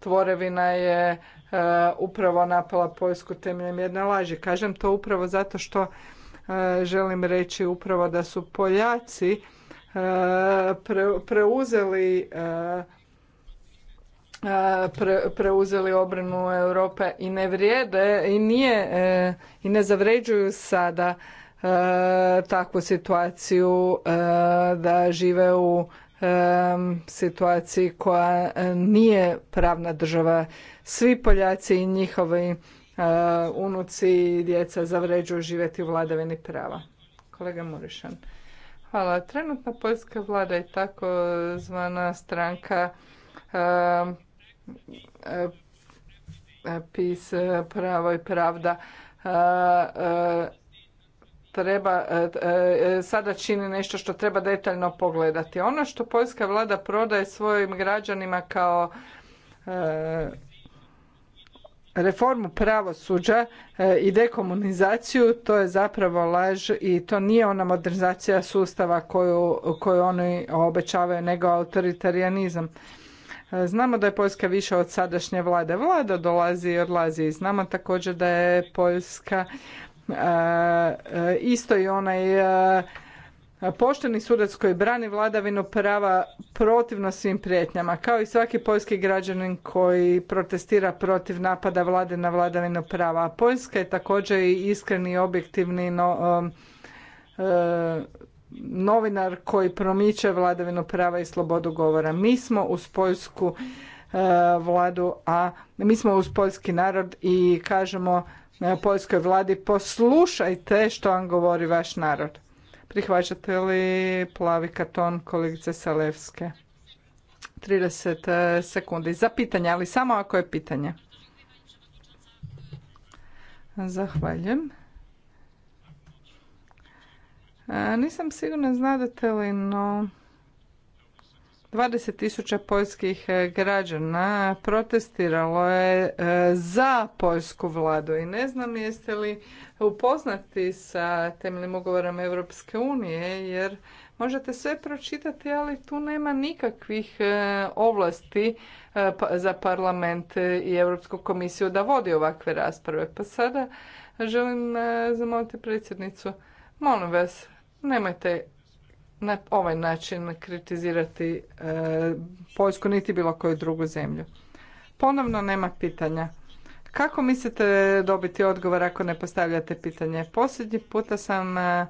tvorevina je e, upravo napala Poljsku temeljem jedne laži. Kažem to upravo zato što želim reći upravo da su Poljaci preuzeli Pre, preuzeli obranu Europe i ne vrijede i nije e, i ne zavređuju sada e, takvu situaciju e, da žive u situaciji koja nije pravna država. Svi Poljaci i njihovi unuci i djeca zavređuju živjeti u vladavini prava. Kolega Murišan. Hvala. Trenutna poljska vlada je tako zvana stranka E, PIS, pravo i pravda e, e, treba, sada čini nešto što treba detaljno pogledati. Ono što poljska vlada prodaje svojim građanima kao reformu pravosuđa i dekomunizaciju, to je zapravo laž i to nije ona modernizacija sustava koju, koju oni obećavaju, nego autoritarijanizam. E, znamo da je Poljska više od sadašnje vlade. Vlada dolazi i odlazi. Znamo također da je Poljska e, e, isto i onaj pošteni sudac koji brani vladavinu prava protivno svim prijetnjama, kao i svaki poljski građanin koji protestira protiv napada vlade na vladavinu prava. Poljska je također i iskreni i objektivni no, novinar koji promiče vladavinu prava i slobodu govora. Mi smo uz Poljsku e, vladu, a mi smo uz poljski narod i kažemo e, poljskoj vladi poslušajte što vam govori vaš narod. Prihvaćate li plavi karton kolegice Salevske? 30 e, sekundi za pitanje, ali samo ako je pitanje. Zahvaljujem. Nisam sigurna znadete li, no 20.000 tisuća poljskih e, građana protestiralo je e, za poljsku vladu i ne znam jeste li upoznati sa temeljnim ugovorom Europske unije jer možete sve pročitati ali tu nema nikakvih e, ovlasti pa, za parlament i Europsku komisiju da vodi ovakve rasprave. Pa sada želim zamoliti predsjednicu, molim vas Nemojte na ovaj način kritizirati e, Poljsku niti bilo koju drugu zemlju. Ponovno nema pitanja. Kako mislite dobiti odgovor ako ne postavljate pitanje? Posljednji puta sam e, e,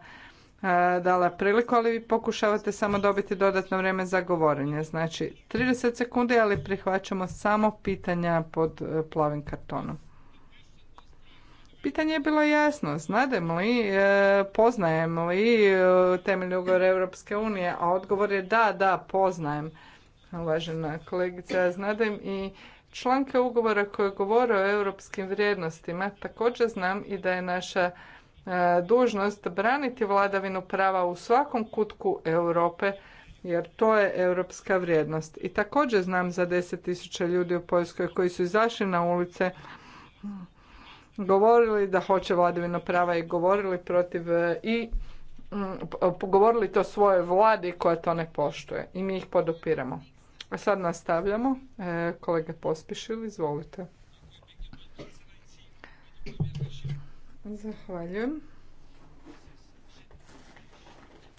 dala priliku, ali vi pokušavate samo dobiti dodatno vrijeme za govorenje. Znači 30 sekundi, ali prihvaćamo samo pitanja pod e, plavim kartonom. Pitanje je bilo jasno, znadem li, e, poznajem li e, temelj ugovora Europske unije, a odgovor je da, da, poznajem. Uvažena kolegica, znadem i članke ugovora koje govore o europskim vrijednostima. Također znam i da je naša e, dužnost braniti vladavinu prava u svakom kutku Europe, jer to je europska vrijednost. I također znam za 10.000 ljudi u Poljskoj koji su izašli na ulice govorili da hoće vladavino prava i govorili protiv e, i mm, govorili to svoje vladi koja to ne poštuje i mi ih podopiramo. A sad nastavljamo. E, kolega, kolege Pospišili, izvolite. Zahvaljujem.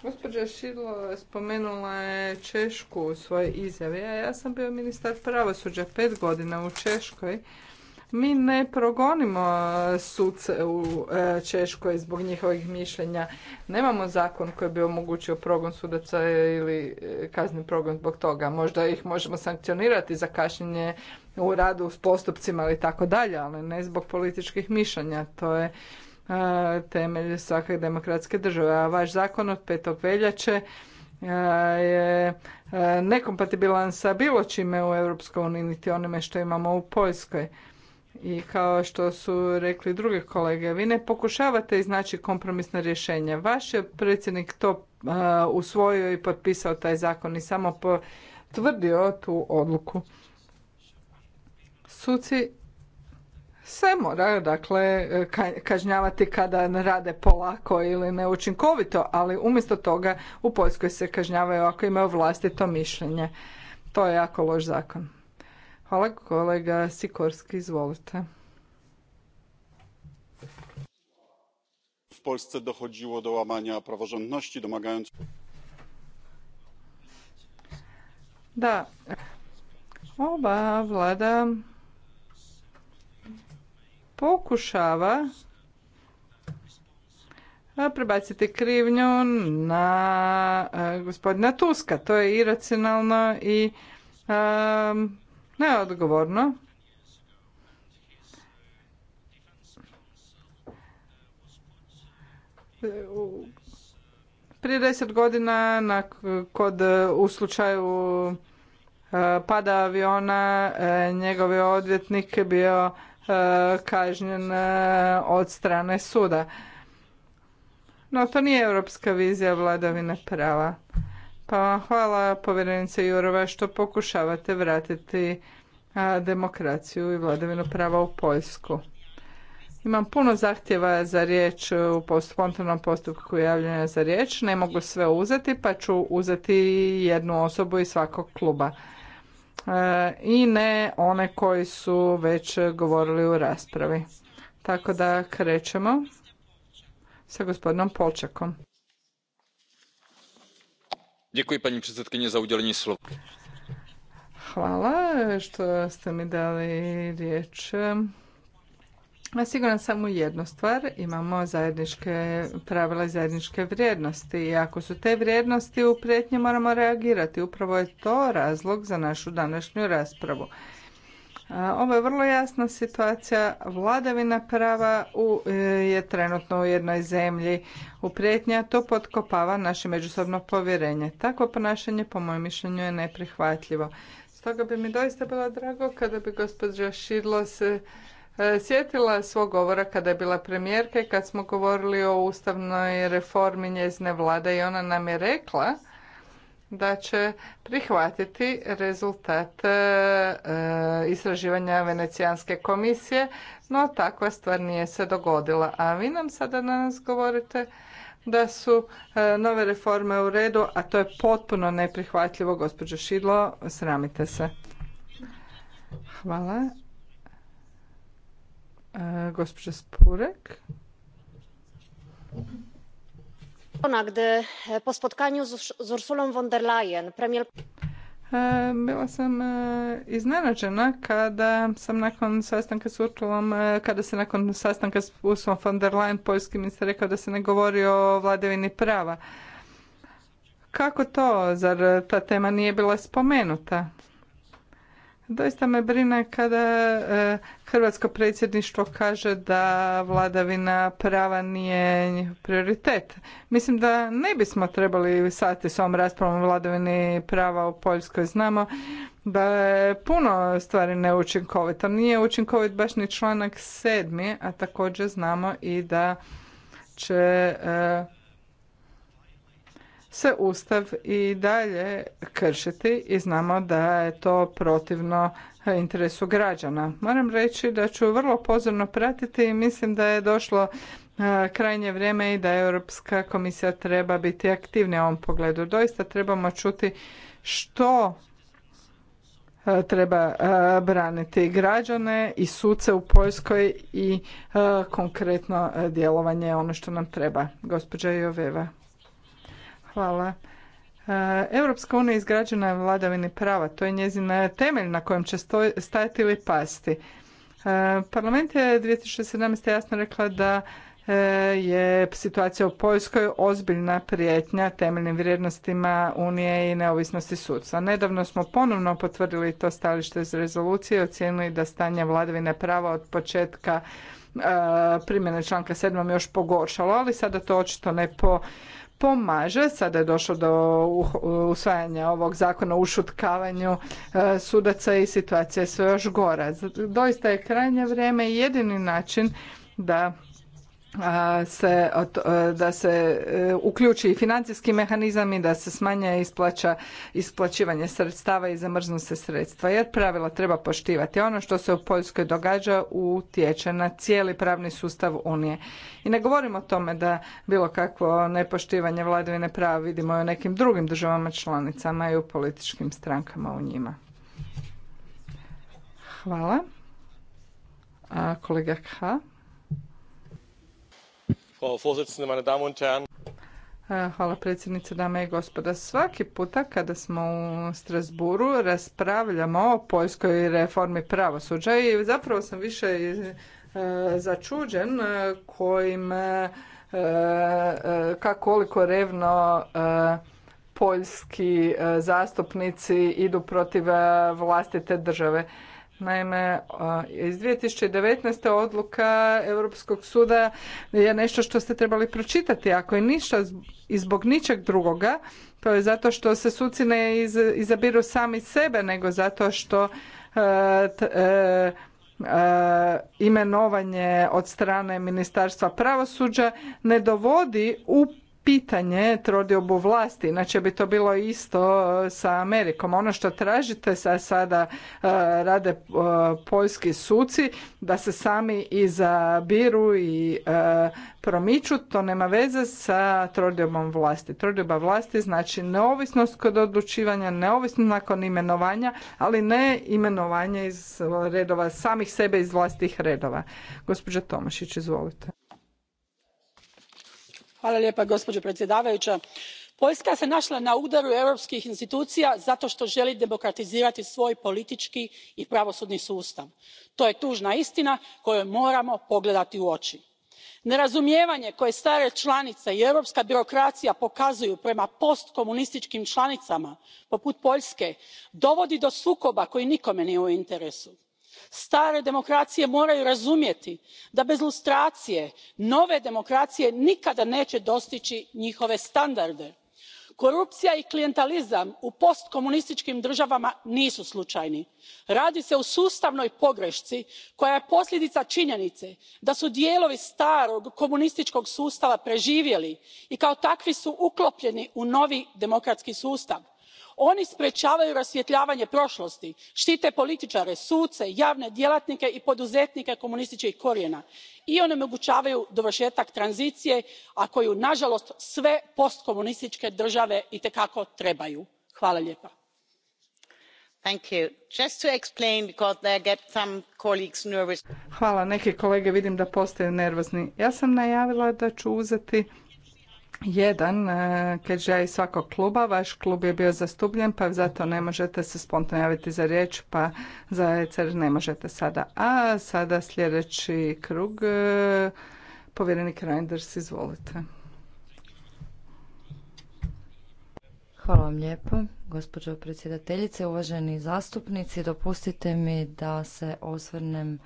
Gospođa Šidlo spomenula je Češku u svojoj izjavi, a ja sam bio ministar pravosuđa pet godina u Češkoj mi ne progonimo suce u e, Češkoj zbog njihovih mišljenja. Nemamo zakon koji bi omogućio progon sudaca ili e, kazni progon zbog toga. Možda ih možemo sankcionirati za kašnjenje u radu s postupcima ili tako dalje, ali ne zbog političkih mišljenja. To je e, temelj svake demokratske države. A vaš zakon od 5. veljače je nekompatibilan sa bilo čime u EU, niti onime što imamo u Poljskoj i kao što su rekli druge kolege, vi ne pokušavate iznaći kompromisna rješenja. Vaš je predsjednik to usvojio i potpisao taj zakon i samo potvrdio tu odluku. Suci se moraju dakle, kažnjavati kada rade polako ili neučinkovito, ali umjesto toga u Poljskoj se kažnjavaju ako imaju vlastito mišljenje. To je jako loš zakon. Hvala kolega Sikorski, izvolite. W Polsce dochodziło do łamania praworządności, domagając... Da, ova vlada pokušava prebaciti krivnju na e, gospodina Tuska. To je iracionalno i e, neodgovorno prije deset godina na, kod, u slučaju e, pada aviona e, njegov je odvjetnik bio e, kažnjen od strane suda. No to nije europska vizija vladavine prava. Pa hvala povjerenice Jurova što pokušavate vratiti demokraciju i vladavinu prava u Poljsku. Imam puno zahtjeva za riječ u spontanom postupku javljanja za riječ. Ne mogu sve uzeti, pa ću uzeti jednu osobu iz svakog kluba. E, I ne one koji su već govorili u raspravi. Tako da krećemo sa gospodinom Polčakom paní za Hvala što ste mi dali riječ. siguran sam u jednu stvar, imamo zajedničke pravila i zajedničke vrijednosti i ako su te vrijednosti u prijetnji moramo reagirati. Upravo je to razlog za našu današnju raspravu. Ovo je vrlo jasna situacija. Vladavina prava u, e, je trenutno u jednoj zemlji u prijetnja. To potkopava naše međusobno povjerenje. Takvo ponašanje, po mojem mišljenju, je neprihvatljivo. Stoga bi mi doista bilo drago kada bi gospođa Šidlo se e, sjetila svog govora kada je bila premijerka i kad smo govorili o ustavnoj reformi njezine vlade i ona nam je rekla da će prihvatiti rezultat e, istraživanja Venecijanske komisije, no takva stvar nije se dogodila. A vi nam sada danas govorite da su e, nove reforme u redu, a to je potpuno neprihvatljivo, gospođo Šidlo, sramite se. Hvala. E, gospođa Spurek gdy e, po spotkaniu z Ursulą von der leyen premier e, bila sam e, iznenađena kada sam nakon sastanka s Ursulom, kada se nakon sastanka s Ursulom von der Leyen poljski ministar rekao da se ne govori o vladavini prava. Kako to? Zar ta tema nije bila spomenuta? Doista me brine kada e, Hrvatsko predsjedništvo kaže da vladavina prava nije prioritet. Mislim da ne bismo trebali sati s ovom raspravom vladavini prava u Poljskoj. Znamo da je puno stvari neučinkovito. Nije učinkovit baš ni članak sedmi, a također znamo i da će e, se Ustav i dalje kršiti i znamo da je to protivno interesu građana. Moram reći da ću vrlo pozorno pratiti i mislim da je došlo e, krajnje vrijeme i da Europska komisija treba biti aktivnija u ovom pogledu. Doista trebamo čuti što e, treba e, braniti građane i suce u Poljskoj i konkretno djelovanje ono što nam treba. Gospođa Joveva. Hvala. E, Europska unija izgrađena je vladavini prava. To je njezin e, temelj na kojem će stajati ili pasti. E, Parlament je 2017. jasno rekla da je situacija u Poljskoj ozbiljna prijetnja temeljnim vrijednostima Unije i neovisnosti sudca. Nedavno smo ponovno potvrdili to stalište iz rezolucije i ocijenili da stanje vladavine prava od početka primjene članka 7. još pogoršalo, ali sada to očito ne po pomaže. Sada je došlo do usvajanja ovog zakona o ušutkavanju e, sudaca i situacija je sve još gora. Doista je krajnje vrijeme jedini način da se, da se e, uključi i financijski mehanizam i da se smanja isplaća, isplaćivanje sredstava i zamrznu se sredstva jer pravila treba poštivati. Ono što se u Poljskoj događa utječe na cijeli pravni sustav Unije. I ne govorimo o tome da bilo kakvo nepoštivanje vladavine prava vidimo i u nekim drugim državama članicama i u političkim strankama u njima. Hvala. kolega E, hvala predsjednice, dame i gospoda. Svaki puta kada smo u Strasburu raspravljamo o poljskoj reformi pravosuđa i zapravo sam više e, začuđen e, kojim kako koliko revno poljski zastupnici idu protiv vlastite države. Naime, iz 2019. odluka Europskog suda je nešto što ste trebali pročitati. Ako je ništa i zbog ničeg drugoga, to je zato što se suci ne izabiru sami sebe, nego zato što e, e, e, imenovanje od strane Ministarstva pravosuđa ne dovodi u pitanje trodiobu vlasti, inače bi to bilo isto e, sa Amerikom. Ono što tražite sa sada e, rade e, poljski suci da se sami izabiru i promiču, to nema veze sa trodiobom vlasti. Trodioba vlasti znači neovisnost kod odlučivanja, neovisnost nakon imenovanja, ali ne imenovanje iz redova samih sebe iz vlastih redova. Gospođa Tomašić, izvolite gospođo predsjedavajuća. poljska se našla na udaru europskih institucija zato što želi demokratizirati svoj politički i pravosudni sustav. to je tužna istina kojoj moramo pogledati u oči. nerazumijevanje koje stare članice i europska birokracija pokazuju prema postkomunističkim članicama poput poljske dovodi do sukoba koji nikome nije u interesu stare demokracije moraju razumjeti da bez lustracije nove demokracije nikada neće dostići njihove standarde. korupcija i klijentelizam u postkomunističkim državama nisu slučajni. radi se o sustavnoj pogrešci koja je posljedica činjenice da su dijelovi starog komunističkog sustava preživjeli i kao takvi su uklopljeni u novi demokratski sustav oni sprječavaju rasvjetljavanje prošlosti štite političare suce javne djelatnike i poduzetnike komunističkih korijena i onemogućavaju dovršetak tranzicije a koju nažalost sve postkomunističke države itekako trebaju. hvala neki kolege vidim da postaju nervozni. ja sam najavila da ću uzeti jedan e, iz svakog kluba. Vaš klub je bio zastupljen pa zato ne možete se spontano javiti za riječ pa za ECR ne možete sada. A sada sljedeći krug e, povjerenik Reinders izvolite. Hvala vam lijepo, gospođo predsjedateljice, uvaženi zastupnici. Dopustite mi da se osvrnem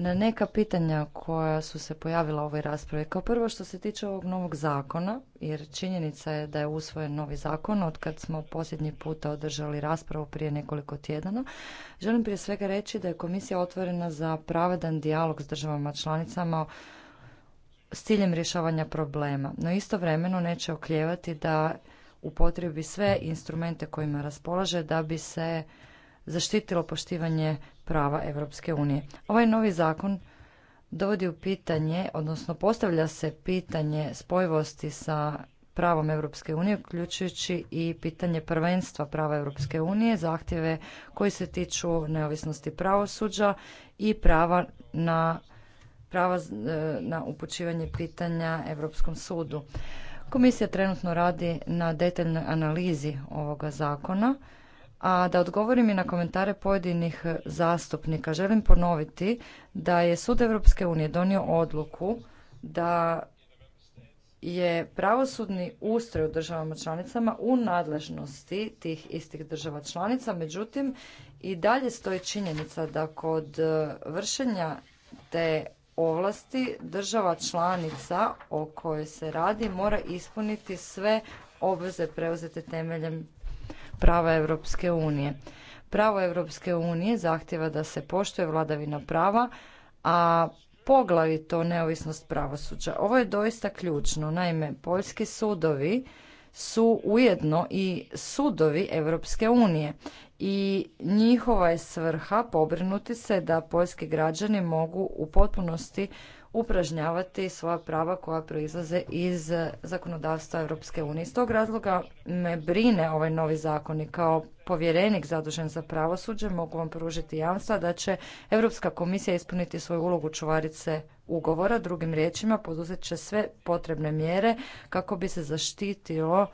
na neka pitanja koja su se pojavila u ovoj raspravi. Kao prvo što se tiče ovog novog zakona, jer činjenica je da je usvojen novi zakon od kad smo posljednji puta održali raspravu prije nekoliko tjedana, želim prije svega reći da je komisija otvorena za pravedan dijalog s državama članicama s ciljem rješavanja problema, no istovremeno neće okljevati da upotrebi sve instrumente kojima raspolaže da bi se zaštitilo poštivanje prava Europske unije. Ovaj novi zakon dovodi u pitanje, odnosno postavlja se pitanje spojivosti sa pravom Europske unije, uključujući i pitanje prvenstva prava Europske unije, zahtjeve koji se tiču neovisnosti pravosuđa i prava na prava e, na upućivanje pitanja Europskom sudu. Komisija trenutno radi na detaljnoj analizi ovoga zakona a da odgovorim i na komentare pojedinih zastupnika, želim ponoviti da je Sud Europske unije donio odluku da je pravosudni ustroj u državama članicama u nadležnosti tih istih država članica, međutim i dalje stoji činjenica da kod e, vršenja te ovlasti država članica o kojoj se radi mora ispuniti sve obveze preuzete temeljem prava Europske unije. Pravo Europske unije zahtjeva da se poštuje vladavina prava, a poglavito neovisnost pravosuđa. Ovo je doista ključno. Naime, poljski sudovi su ujedno i sudovi Europske unije i njihova je svrha pobrinuti se da poljski građani mogu u potpunosti upražnjavati svoja prava koja proizlaze iz zakonodavstva Europske unije. Iz tog razloga me brine ovaj novi zakon i kao povjerenik zadužen za pravosuđe mogu vam pružiti jamstva da će Europska komisija ispuniti svoju ulogu čuvarice ugovora, drugim riječima poduzet će sve potrebne mjere kako bi se zaštitilo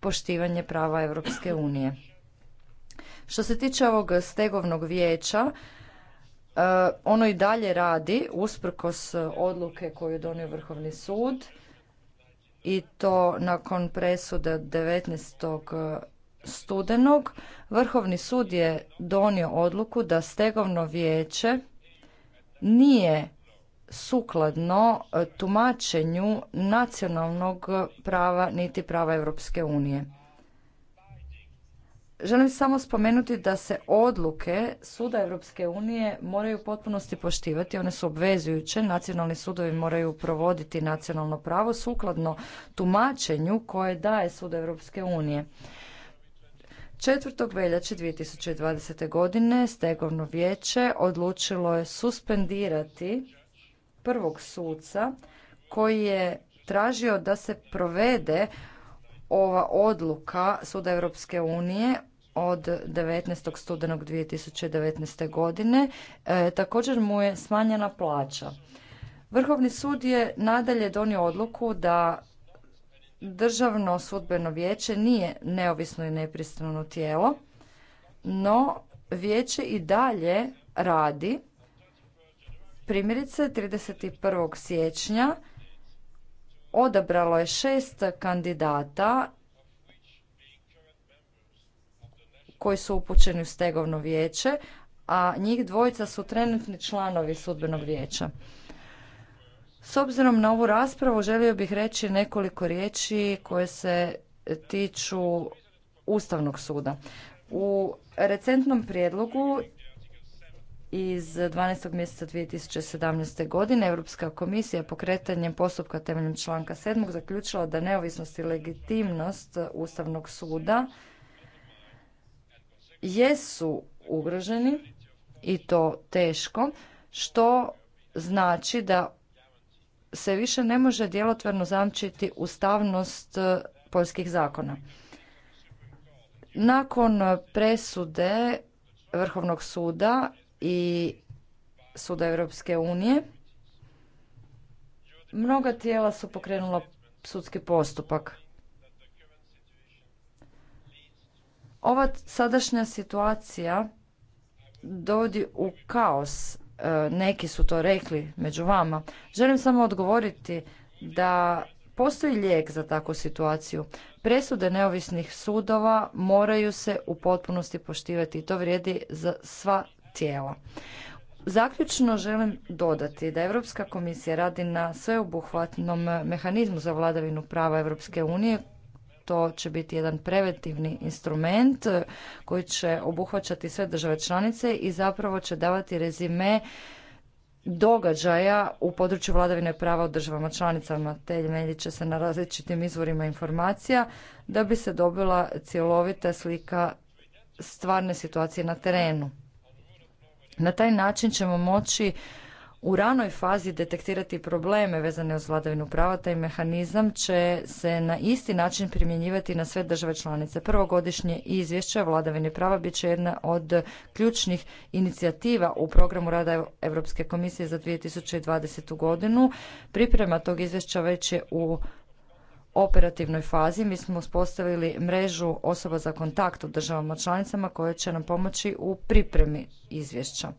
poštivanje prava Europske unije. Što se tiče ovog stegovnog vijeća, E, ono i dalje radi usprkos e, odluke koju je donio Vrhovni sud i to nakon presude 19. E, studenog. Vrhovni sud je donio odluku da stegovno vijeće nije sukladno tumačenju nacionalnog prava niti prava Europske unije. Želim samo spomenuti da se odluke Suda Europske unije moraju u potpunosti poštivati, one su obvezujuće, nacionalni sudovi moraju provoditi nacionalno pravo sukladno tumačenju koje daje Sud Europske unije. 4. veljače 2020. godine stegovno vijeće odlučilo je suspendirati prvog suca koji je tražio da se provede ova odluka Suda Europske unije od 19. studenog 2019. godine. E, također mu je smanjena plaća. Vrhovni sud je nadalje donio odluku da Državno sudbeno vijeće nije neovisno i nepristrano tijelo, no vijeće i dalje radi. Primjerice, 31. siječnja odabralo je šest kandidata koji su upućeni u stegovno vijeće, a njih dvojica su trenutni članovi sudbenog vijeća. S obzirom na ovu raspravu želio bih reći nekoliko riječi koje se tiču Ustavnog suda. U recentnom prijedlogu iz 12. mjeseca 2017. godine Europska komisija pokretanjem postupka temeljem članka 7. zaključila da neovisnost i legitimnost Ustavnog suda jesu ugroženi i to teško, što znači da se više ne može djelotvarno zamčiti ustavnost poljskih zakona. Nakon presude Vrhovnog suda i Suda Europske unije. Mnoga tijela su pokrenula sudski postupak. Ova sadašnja situacija dovodi u kaos. E, neki su to rekli među vama. Želim samo odgovoriti da postoji lijek za takvu situaciju. Presude neovisnih sudova moraju se u potpunosti poštivati i to vrijedi za sva tijelo. Zaključno želim dodati da Europska komisija radi na sveobuhvatnom mehanizmu za vladavinu prava Europske unije to će biti jedan preventivni instrument koji će obuhvaćati sve države članice i zapravo će davati rezime događaja u području vladavine prava u državama članicama. Temeljit će se na različitim izvorima informacija da bi se dobila cjelovita slika stvarne situacije na terenu. Na taj način ćemo moći u ranoj fazi detektirati probleme vezane uz vladavinu prava, taj mehanizam će se na isti način primjenjivati na sve države članice. Prvogodišnje izvješće o vladavini prava bit će jedna od ključnih inicijativa u programu rada Europske komisije za 2020. godinu. Priprema tog izvješća već je u operativnoj fazi mi smo uspostavili mrežu osoba za kontakt u državama članicama koje će nam pomoći u pripremi izvješća.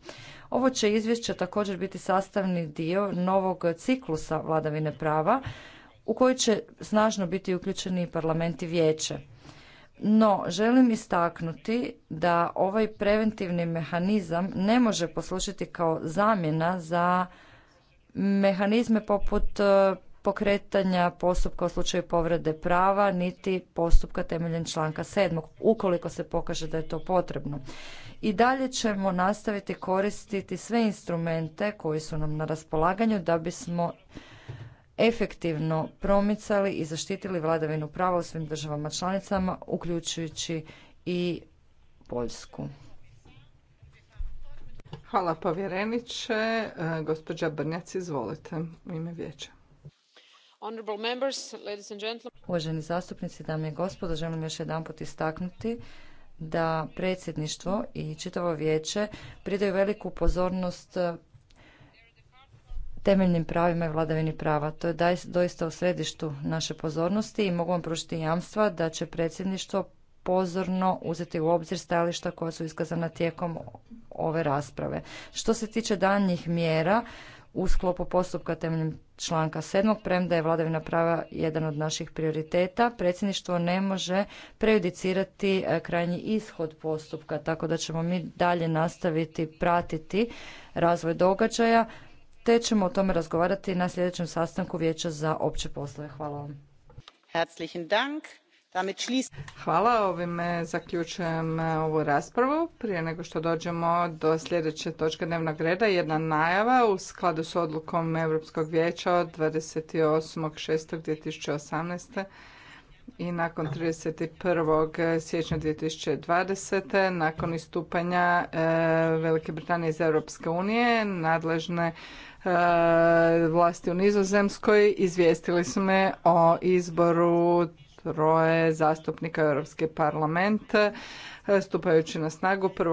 Ovo će izvješće također biti sastavni dio novog ciklusa vladavine prava u koji će snažno biti uključeni parlament i vijeće. No, želim istaknuti da ovaj preventivni mehanizam ne može poslužiti kao zamjena za mehanizme poput eh, pokretanja postupka u slučaju povrede prava niti postupka temeljem članka 7. ukoliko se pokaže da je to potrebno. I dalje ćemo nastaviti koristiti sve instrumente koji su nam na raspolaganju da bismo efektivno promicali i zaštitili vladavinu prava u svim državama članicama, uključujući i Poljsku. Hvala povjereniče. E, gospođa Brnjac, izvolite u ime vijeća. Uvaženi zastupnici, dame i gospodo, želim još jedanput istaknuti da predsjedništvo i čitavo vijeće pridaju veliku pozornost eh, temeljnim pravima i vladavini prava. To je doista u središtu naše pozornosti i mogu vam pružiti jamstva da će predsjedništvo pozorno uzeti u obzir stajališta koja su iskazana tijekom ove rasprave. Što se tiče daljnjih mjera, u sklopu postupka temeljem članka 7. premda je vladavina prava jedan od naših prioriteta. Predsjedništvo ne može prejudicirati e, krajnji ishod postupka, tako da ćemo mi dalje nastaviti pratiti razvoj događaja, te ćemo o tome razgovarati na sljedećem sastanku Vijeća za opće poslove. Hvala vam. Hvala, ovime zaključujem e, ovu raspravu. Prije nego što dođemo do sljedeće točke dnevnog reda, jedna najava u skladu s odlukom Europskog vijeća od 28.6.2018. i nakon 31. siječnja 2020. nakon istupanja e, Velike Britanije iz Europske unije, nadležne e, vlasti u Nizozemskoj izvijestili su me o izboru troje zastupnika u Europski parlament stupajući na snagu prvo